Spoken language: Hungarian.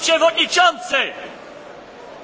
przewodniczący!